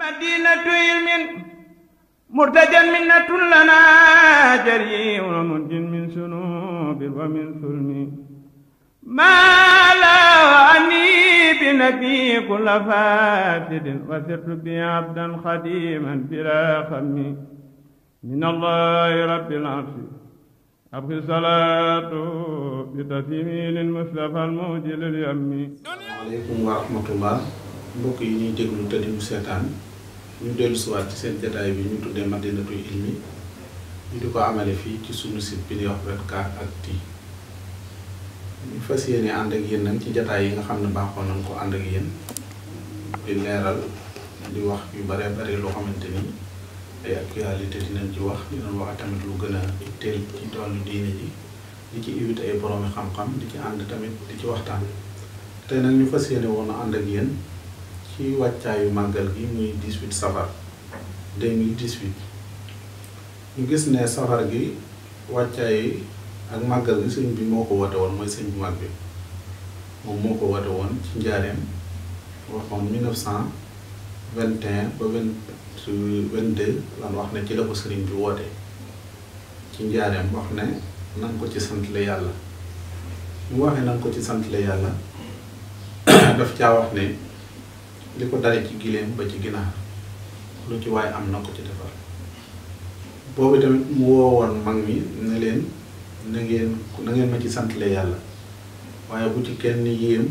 madinatu ilmin murtajan minnatun lana jariun munjin min sunubin wa min sulmi ما لا أني بنبي كل فاسد وسرت بي عبدا خديما بلا خمي من الله رب العرش أبقي صلاة بتسليمي للمصطفى الموجل اليمي. السلام عليكم ورحمة الله. mbokk yi ñuy déglu te di seetaan ñu dellu siwaat ci seen jataay bi ñu tuddee Madinatul Hilmi ñu di ko amale fii ci sunu site bi ñuy wax 24 ñu fas yéene ànd ak yéen nag ci jataay yi nga xam ne baaxoon nañ ko ànd ak yéen di leeral di wax yu bare bare loo xamante ni ay actualité dinañ ci wax dinañ wax tamit lu gën a teel ci wàllu diine ji di ci invité ay boroomi xam-xam di ci ànd tamit di ci waxtaan te nag ñu fas yéene woon a ànd ak yéen ci wàccaayu màggal gi muy 18 safar 2018 ñu gis ne safar gi wàccaay yi ak màggal gi sëñ bi moo ko woote woon mooy sëñ bu bi moom moo ko woote woon ci njaareem waxoon 1921 ba 22 lan wax ne ci la ko sëriñ bi woote ci njaareem wax ne nan ko ci sant la yàlla mu waxee nan ko ci sant yàlla daf caa wax ne li ko dale ci giléem ba ci ginaar lu ci waaye am na ko ci defar boobu tamit mu woowoon mag mi ne leen na ngeen ma ci santle yàlla waaye bu ci kenn yéem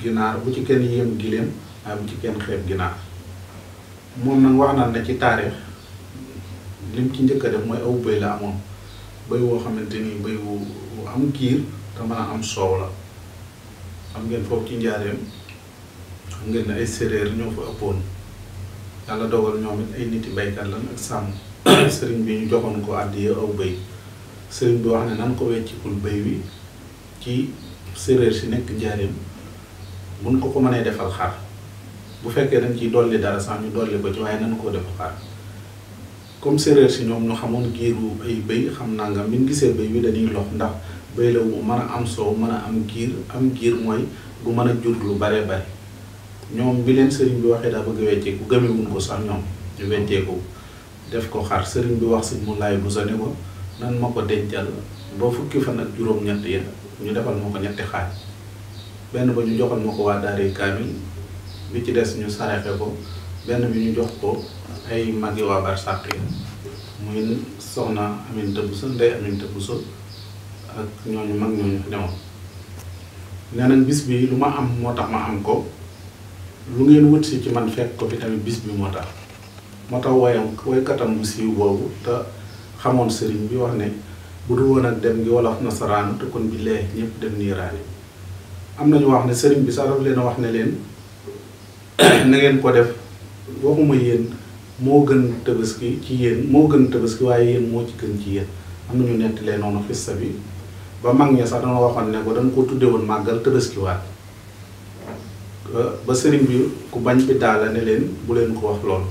ginaar bu ci kenn yéem giléem waaye bu ci kenn xeeb ginaar moom nag wax naan na ci taarix lim ci njëkk a def mooy aw bëy la amoon bëy woo xamante ni bëy wu am giir te mën a am soow la xam ngeen foofu ci njaareem xam ngeen ne ay séeréer ñoo fa ëppoon yàlla dogal ñoom ay nit yi baykat lan ak sàmm sëriñ bi ñu joxoon ko àddiya aw bëy sëriñ bi wax ne nan ko weccikul bëy wi ci séeréer si nekk njaareem buñ ko ko mënee defal xar bu fekkee dañ ci dolli dara sànni ñu dolli ko waaye nan koo defal xar comme séeréer si ñoom ñu xamoon giiru ay bëy xam naa nga min gisee bëy wi dañuy lox ndax bëy la wu mën a am soow mën a am giir am giir mooy bu mën a jur lu bare bare ñoom bi leen sëriñ bi waxee daa bëgg wecceeku gëme mun ko sax ñoom ñu wecceeku def ko xar sëriñ bi wax si mu laay bu sa ne ko nan ma ko dencal boo fukki fan ak juróom-ñett ya ñu defal moo ko ñetti xaaj benn ba ñu ma ko waa daaree kaamil bi ci des ñu saraxe ko benn bi ñu jox ko ay magi waa barsàq yi muy soxna Aminta Bousso ndey Aminta Bousso ak ñooñu mag ñooñu fi newoon bis bi lu ma am moo tax ma am ko lu ngeen wut si ci man fekk ko fi tamit bis bi moo tax moo tax woyam woykatam bu siiw boobu te xamoon sëriñ bi wax ne bu du woon ak dem gi wolof nasaraan te kon bi lee ñëpp dem niiraani am na ñu wax ne sëriñ bi sax daf leen wax ne leen na ngeen ko def waxuma yéen moo gën tabaski ci yéen moo gën tabaski waaye yéen moo ci gën ci yéen am nañu leen noonu fissa bi ba mag ña sax dana waxoon ne ko dañ ko tudde woon màggal tabaski waat Euh, ba sëriñ bi ku bañ bi daala ne leen bu leen ko wax lool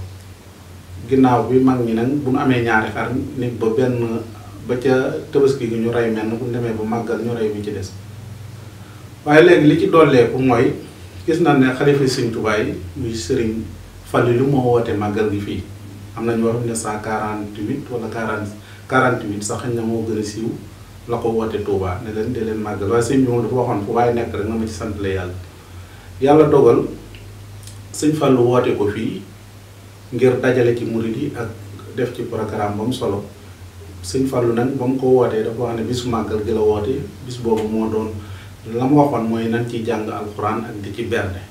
ginnaaw bi mag ñi nag bu nu amee ñaari xar ni ba benn ba ca tabaski gi ñu rey mel bu ñu demee ba màggal ñu rey bi ci des waaye léegi li ci dolleeku mooy gis na ne xalifa sëriñ Tuubaa yi muy sëriñ Falilu moo woote màggal gi fii am nañu wax ne cent quarante-huit wala quarante quarante-huit sax xëy na moo gën a siiw la ko woote Touba ne leen de leen màggal waaye sëriñ bi moom dafa waxoon fu waaye ci sant la yàlla dogal sëñ Fallou woote ko fii ngir dajale ci murid yi ak def ci programme ba mu solo sëñ Fallou nag ba mu ko wootee dafa wax ne bisu màggal gi la woote bis boobu moo doon la mu waxoon mooy nan ci jàng alxuraan ak di ci bernde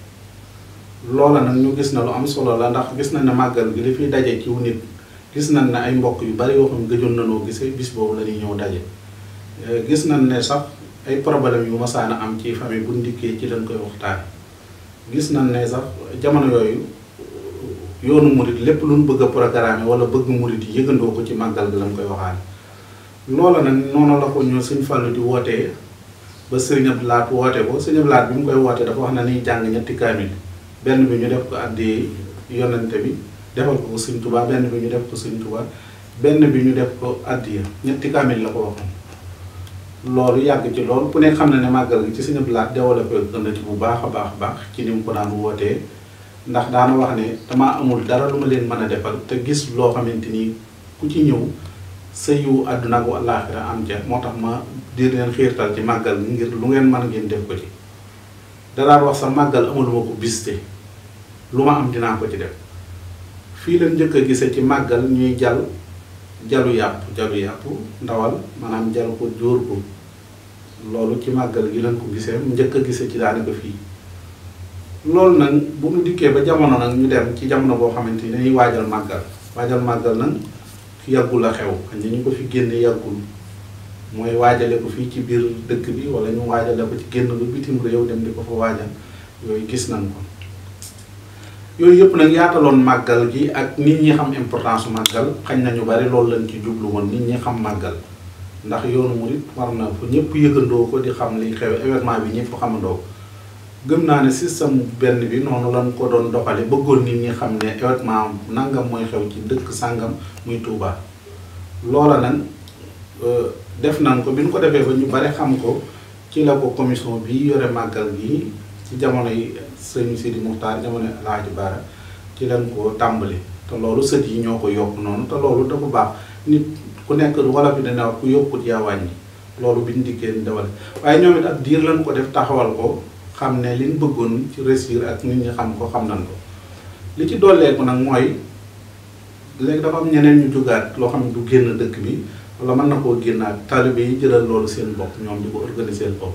loola nag ñu gis na lu am solo la ndax gis na ne màggal gi li fiy daje ciw nit gis nañ ne ay mbokk yu bari yoo xam gëjoon nanoo gisee bis boobu la ñuy ñëw daje eh, gis na ne sax ay problème yu masaana am ci famille bu ndikkee ci lañ koy waxtaan gis nañ ne sax jamono yooyu yoonu murit lépp lu mu bëgg a programme wala bëgg murit yi yëgandoo ko ci màggal bi la mu koy waxaale loola nag noonu la ko ñoo sëñ Fallou di wootee ba sëriñ Abdou woote ko sëriñ Abdou bi mu koy wootee dafa wax na ni jàng ñetti kaamil benn bi ñu def ko addi yonante bi defal ko ko sëñ benn bi ñu def ko sëñ Tuubaa benn bi ñu def ko addiya ñetti kaamil la ko waxoon loolu yàgg ci loolu ku ne xam na ne màggal gi ci suñu blaat développé gënati bu baax a baax baax ci ni mu ko daan wootee ndax daana wax ne dama amul dara lu ma leen mën a defal te gis loo xamante ni ku ci ñëw sa yu àdduna ak àllaaxira am ja moo tax ma di leen xiirtal ci màggal ngir lu ngeen mën ngeen def ko ci danaa wax sa màggal amaluma ko biste lu ma am dinaa ko ci def fii leen njëkk a gisee ci màggal ñuy jal jalu yàpp jalu yàpp ndawal maanaam jalu ko jóor ko loolu ci màggal gi lañ ko gisee njëkk a gisee ci daanaka fii loolu nag bu ñu dikkee ba jamono nag ñu dem ci jamono boo xamante ni dañuy waajal màggal waajal màggal nag yàggul xew xëy ko fi génne yàggul mooy waajale ko fii ci biir dëkk bi wala ñu waajale ko ci génn ba bitim réew dem di ko fa waajal yooyu gis nañ ko yooyu yëpp nag yaataloon màggal gi ak nit ñi xam importance màggal xañ na ñu bari loolu lañ ci jublu woon nit ñi xam màggal ndax yoonu murit war naa fu ñëpp yëgandoo ko di xam li xew événement bi ñëpp xamandoo gëm naa ne système benn bi noonu lañ ko doon doxale bëggoon nit ñi xam ne événement nangam mooy xew ci dëkk sàngam muy Touba. loola nag euh, def nañ ko bi ñu ko defee ba ñu bare xam ko ci la ko commission bi yore màggal gi ci jamono yi sëñ Sidi Muxtaar jamono El Hadj Bara ci lañ ko tàmbali te loolu sët yi ñoo ko yokk noonu te loolu dafa baax nit. ku nekk wolof bi dañ naan ku yokkut yaa wàññi loolu biñ dikkee ni dawal waaye ñoom it ab diir lañ ko def taxawal ko xam ne liñ bëggoon ci resir ak nit ñi xam ko xam nañ ko li ci dolleeku nag mooy léegi dafa am ñeneen ñu jugaat loo xam ne du génn dëkk bi wala mën na koo génnaat taalibe yi jëlal loolu seen bopp ñoom di ko organiser bopp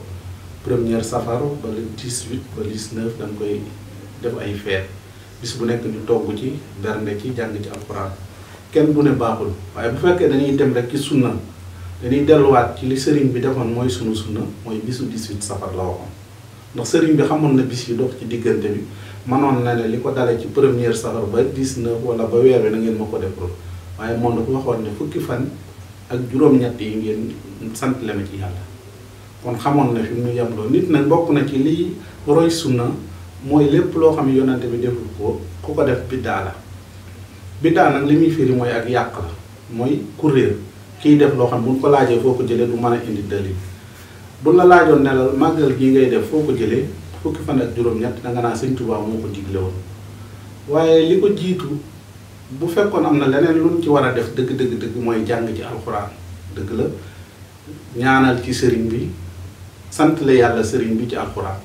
première safar ba le 18 ba 19 dañ koy def ay feet bis bu nekk ñu togg ci bernde ci jàng ci alxuraan kenn bu ne baaxul waaye bu fekkee dañuy dem rekk ci sunna dañuy delluwaat ci li sëriñ bi defoon mooy sunu sunna mooy bisu 18 safar la waxoon ndax sëriñ bi xamoon na bis yi dox ci diggante bi manoon na li ko dalee ci première safar ba 19 wala ba weer wi na ngeen ma ko defal waaye moom dafa waxoon ne fukki fan ak juróom-ñett yi ci yàlla kon xamoon na mu yemloo nit nag bokk na ci liy roy sunna mooy lépp loo xam ne yonante bi deful ko ku ko def biddaa la biddaa nag li muy firi mooy ak yàq la mooy kuréel kiy def loo xam bu ko laajee foo ko jëlee du mën a indi yi bu la laajoon ne la màggal gii ngay def foo ko jëlee fukki fan ak juróom-ñett danga naa sëñ Tuubaa moo ko digle woon waaye li ko jiitu bu fekkoon am na leneen luñ ci war a def dëgg dëgg dëgg mooy jàng ci alxuraan dëgg la ñaanal ci sëriñ bi sant la yàlla sëriñ bi ci alxuraan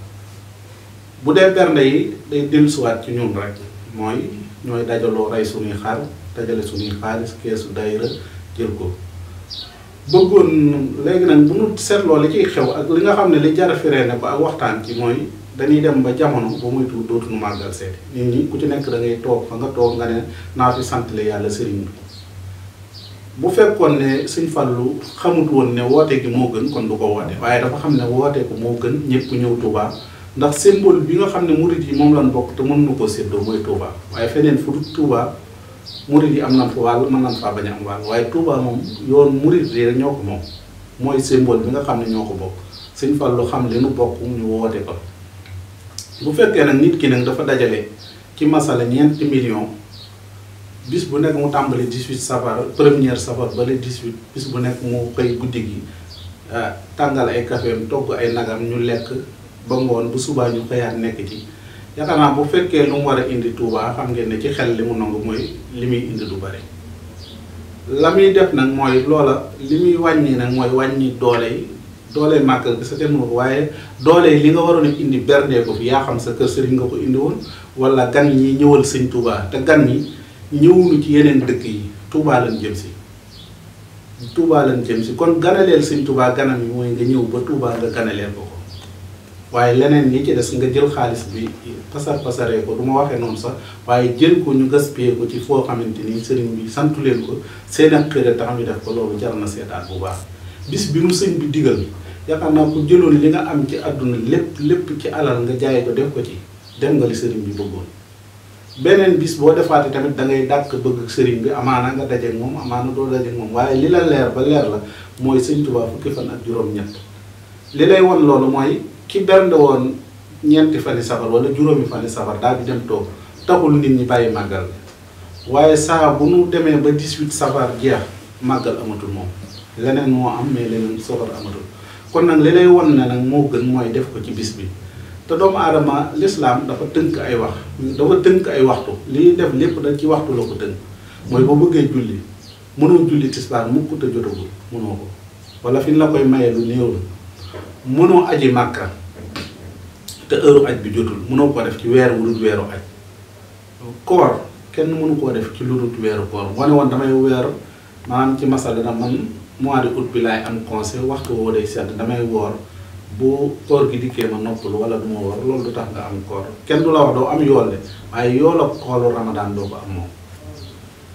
bu dee bernde yi day dellusiwaat ci ñun rek mooy. ñooy dajaloo rey suñuy xaar dajale suñuy xaalis keesu daayira jël ko bëggoon léegi nag bu ñu seetloo li ciy xew ak li nga xam ne li jar firee ne ba waxtaan ci mooy dañuy dem ba jamono ba muy tuut dootuñu màggal seeti nit ñi ku ci nekk da toog fa nga toog nga ne naa fi santale yàlla sëriñ bi bu fekkoon ne suñ lu xamut woon ne woote gi moo gën kon du ko woote waaye dafa xam ne woote ko moo gën ñëpp ñëw Tuubaa ndax symbole bi nga xam ne murid yi moom lan bokk te mën na koo séddoo mooy Touba waaye feneen fu dul Touba murid yi am nañ fa wàll mën nañ faa bañ a am wàll waaye Touba moom yoon murid yi rek ñoo ko moom mooy symbole bi nga xam ne ñoo ko bokk Sëñ Fallu xam li nu bokk ñu woode ko bu fekkee nag nit ki nag dafa dajale ci masala ñeenti million bis bu nekk mu tàmbali 18 safar première safar ba le 18 bis bu nekk mu xëy guddi gi ah, tàngal ay kafeem togg ay nagam ñu lekk ba ngoon bu subaa ñu xëyaat nekk ci yaakaar bu fekkee lu mu war a indi Touba xam ngeen ne ci xel li mu nangu mooy li muy indi du bari la muy def nag mooy loola li muy wàññi nag mooy wàññi doole yi doole màkk bi sa kenn ko waaye doole yi li nga waroon indi bernde ko fi sa kër nga ko indi woon walla gan ñi ñëwal sëñ Touba te gan ñi ñëwuñu ci yeneen dëkk yi tuubaa lañ jëm si. Touba lañ jëm si kon ganaleel sëñ Touba ganam yi mooy nga ñëw ba Touba nga ganaleel ko. waaye leneen li ci des nga jël xaalis bi pasar pasaree ko du ma waxee noonu sax waaye jël ko ñu gaspillé ko ci foo xamante ni sëriñ bi santu leen ko seen ak xëy tax ñu def ko loolu jar na seetaat bu baax bis bi mu sëñ bi digal yaakaar naa ko jëloon li nga am ci àdduna lépp lépp ci alal nga jaay ko def ko ci dem nga li sëriñ bi bëggoon beneen bis boo defaatee tamit da ngay dàkk bëgg sëriñ bi amaana nga dajeek moom amaana doo dajeek moom waaye li la leer ba leer la mooy sëñ Tuubaa fukki fan ak juróom-ñett ki benn bernde woon ñeenti fani safar wala juróomi fani safar daal di dem toog taxul nit ñi bàyyi màggal waaye saa bu nu demee ba 18 safar jeex màggal amatul moom leneen moo am mais leneen safar amatul kon nag li lay won ne nag moo gën mooy def ko ci bis bi te doomu aadama lislaam dafa tënk ay wax dafa tënk ay waxtu lii def lépp dañ ci waxtu la ko tënk mooy boo bëggee julli mënoo julli mu mukk te jotagul mënoo ko wala fi ñu la koy maye mënoo aji màkka te heure aj bi jotul mënoo ko def ci weer wu dul weeru aj koor kenn mënu koo def ci lu dul weeru koor wane woon damay weeru maanaam ci masal dana man mois de août bi laay am conseil waxtu woo day sedd damay woor bu koor gi dikkee ma noppalu wala du ma woor loolu du tax nga am koor kenn du la wax doo am yool waaye yool ak kooru ramadaan doo ko am moom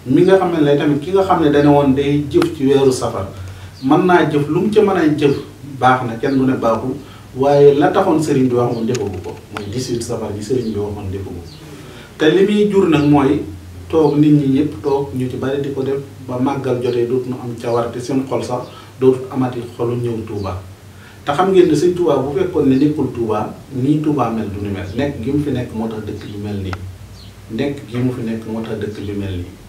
mi nga xam ne lay tamit ki nga xam ne dana woon day jëf ci weeru safar mën naa jëf lu mu ci mën a jëf baax na kenn du ne baaxul waaye la taxoon sëriñ bi waxoon defagu ko mooy 18 safar ji sëriñ bi waxoon defagu te li muy jur nag mooy toog nit ñi ñëpp toog ñu ci bari di ko def ba màggal jotee dootuñu am cawarte seen xol sax dootul amati xolu ñëw Touba te xam ngeen ne sëñ Touba bu fekkoon ne nekkul Touba nii Touba mel du ni mel nekk gi mu fi nekk moo tax dëkk bi mel nii nekk gi mu fi nekk moo tax dëkk bi mel nii.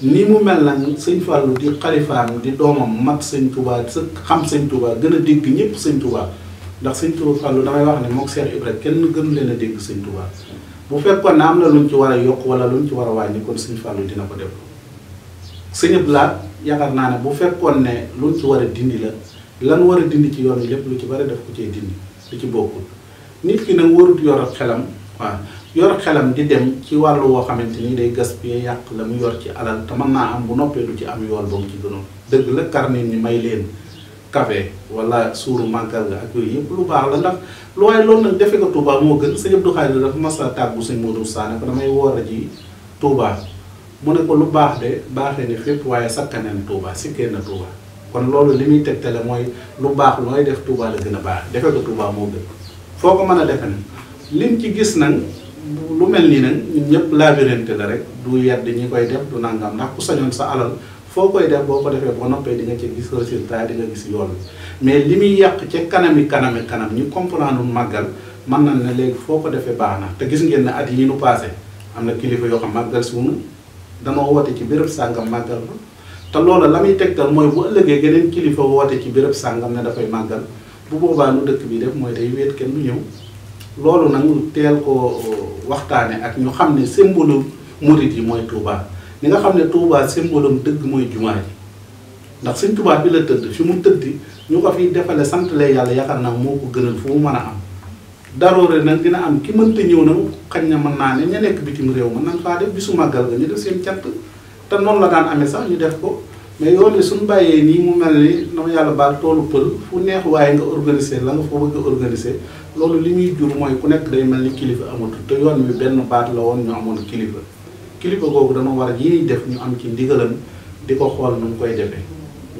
ni mu mel nag sëñ Fallou di xalifaam di doomam mat sëñ Touba sëkk xam sëñ Touba gën a dégg ñëpp sëñ Touba ndax sëñ Touba Fallou damay wax ne seet Cheikh rek kenn gënu leen a dégg sëñ Touba bu fekkoon ne am lu luñ ci war a yokk wala luñ ci war a wàññi kon sëñ Fallou dina ko def sëñ Blaat yaakaar naa ne bu fekkoon ne luñ ci war a dindi la lan war a dindi ci yoon lépp lu ci bari def ko cee dindi lu ci bokkul nit ki nag warut yor ak xelam waaw yor xelam di dem ci wàllu woo xamante ni day gaspiller yàq la mu yor ci alal te man naa am bu noppee lu ci am yool ba mu ci gënoon dëgg la kar nit may leen café wala suuru màggal nga ak yooyu yëpp lu baax la ndax lu waaye loolu nag defe ko Touba moo gën sëñ Abdou Khadir dafa mas a tàggu sëñ Modou Sané ko damay woor a ji Touba mu ne ko lu baax de baaxee ne fépp waaye sakkane na Touba sikkee na Touba kon loolu li muy tegtale mooy lu baax looy def Touba la gën a baax defe ko moo gën foo ko mën a defe nag liñ ci gis nag lu mel nii nag ñun laa labyrinthe la rek du yedd ñi koy def du nangam ndax ku sañoon sa alal foo koy def boo ko defee boo noppee di nga ci gis résultat di nga gis yoon mais li muy yàq ca kanami kanami kanam ñu comprendre màggal mën na ne léegi foo ko defee baax na te gis ngeen ne at yi ñu passé am na kilifa yoo xam màggal suuna danoo woote ci bërëb sàngam màggal ba te loola la muy tegtal mooy bu ëllëgee geneen kilifa woote ci béréb sàngam ne dafay màggal bu boobaa dëkk bi def mooy day wéet kenn du ñëw loolu nag ñu teel ko euh, waxtaane ak ñu xam ne symbole murid yi mooy Touba li nga xam ne Touba symbole dëgg mooy jumaa ji ndax sëñ Touba bi la tëdd fi mu tëdd ñu ko fiy defale sant lay yàlla yaakaar naa moo ko gënal fu mu mën a am daroore nag dina am ki mënta ñëw na xañ na mën naa ne ña nekk bitim réew mën nañ faa def bisu màggal ga ñu def seen cant te noonu la daan amee sax ñu def ko mais yoon yi suñu bàyyee nii mu mel ni dama yàlla baal toolu pël fu neex waaye nga organiser la nga fa bëgg a organiser loolu li muy jur mooy ku nekk day mel ni kilifa amatul te yoon bi benn baat la woon ñu amoon kilifa kilifa googu dama war a ñuy def ñu am ci ndigalam di ko xool nu koy defee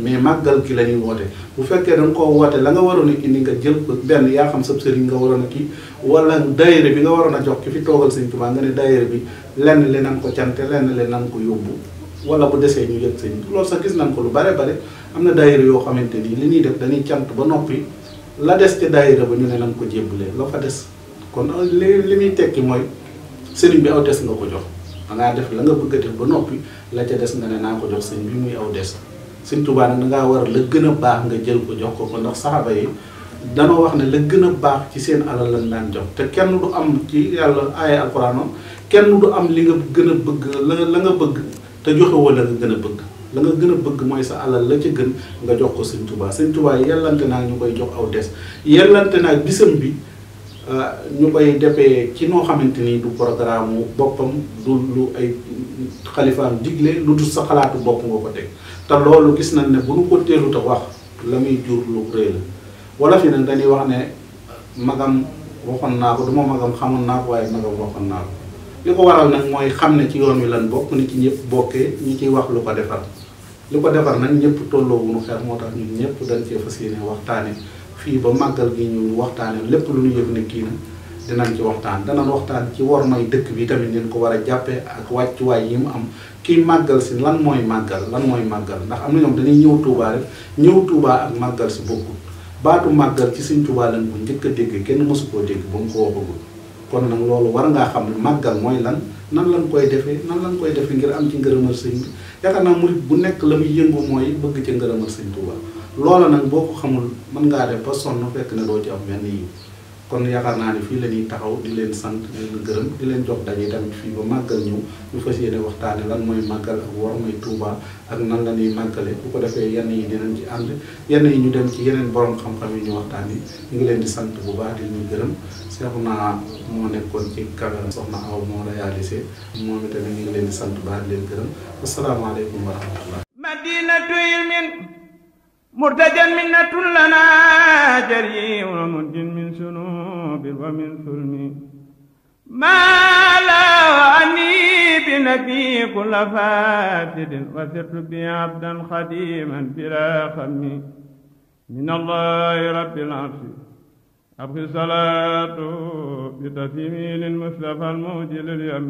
mais màggal gi la ñuy woote bu fekkee da nga koo woote la nga waroon a indi nga jël benn yaa xam sab sëriñ nga waroon a kii wala daayira bi nga waroon a jox ki fi toogal Sëriñ Tuubaa nga ne daayira bi lenn li ko cante lenn li nan yóbbu wala bu desee ñu yëg sëñ bi loolu sax gis nañ ko lu bare bare am na daayira yoo xamante nii li ñuy def dañuy cant ba noppi la des ca daayira ba ñu ne nañ ko jébbalee la fa des kon li li muy tekki mooy sëriñ bi nga ko jox da def la nga bëgg a def ba noppi la ca des nga ne naa ko jox sëñ bi muy aw des sëñ Tuubaa nag ngaa war la gën a baax nga jël ko jox ko ko ndax saxaaba yi danoo wax ne la gën a baax ci seen alal lañ daan jox te kenn du am ci yàlla aaya alxuraan kenn du am li nga gën a bëgg la la nga bëgg te joxe woo la nga gën a bëgg la nga gën a bëgg mooy sa alal la ca gën nga jox ko sëñ tubaa sëñ tubaa yellante naa ñu koy jox aw des yellante naa bisam bi euh, ñu koy defee ci noo xamante ni du programme mu boppam du lu ay xalifaam digle lu dul sa xalaatu bopp nga ko teg te loolu gis nañ ne bu ñu ko teelu te wax la muy jur lu rëy la wala fi nag dañuy wax ne magam waxoon naa ko du ma magam xamoon naa ko waaye magam waxoon naa ko li ko waral nag mooy xam ne ci yoon wi lan bokk ni ci ñëpp bokkee ñu ciy wax lu ko defar lu ko defar nag ñëpp tolloo wuñu xel moo tax ñun ñëpp dañ cee fas yéene waxtaane fii ba màggal gi ñu waxtaane lépp lu ñu yëg ne kii na ci waxtaan danañ waxtaan ci war may dëkk bi tamit nin ko war a jàppee ak wàccuwaay yi am kii màggal si lan mooy màggal lan mooy màggal ndax am na dañuy ñëw Touba rek ñëw ak màggal si bokkul baatu màggal ci Sëñ Touba lañ dégg kenn mosu koo dégg ba mu ko waxagul kon nag loolu war ngaa xam ne màggal mooy lan nan lañ koy defee nan lañ koy defee ngir am ci ngërëmal sëñ bi yaakaar naa murit bu nekk la muy yëngu mooy bëgg ci ngërëmal sëñ Tuuba loola nag boo ko xamul mën ngaa def ba sonn fekk na doo ci am benn yi kon yaakaar naa ne fii la ñuy taxaw di leen sant di gërëm di leen jox dañuy tamit fii ba màggal ñëw ñu fas yéene waxtaane lan mooy màggal ak war mooy Tuuba ak nan la ñuy màggale bu ko defee yenn yi dinañ ci ànd yenn yi ñu dem ci yeneen borom xam yi ñu waxtaan yi ñu ngi leen di sant bu baax di leen gërëm Cheikhouna moo nekkoon ci caméra soxna aw moo réalisé moom itamit ñu ngi leen di sant baax leen gërëm asalaamaaleykum wa rahmatullah madinatu ilmin murtajan minnatun lana jari wa muddin min sunubi wa min sulmi maala wa ani bi nabi kulla fasidin wa sirtu bi abdan xadiman bila xammi min allahi rabbil alamin أبقي الصلاة بتسليمي للمصطفى الموجل اليمين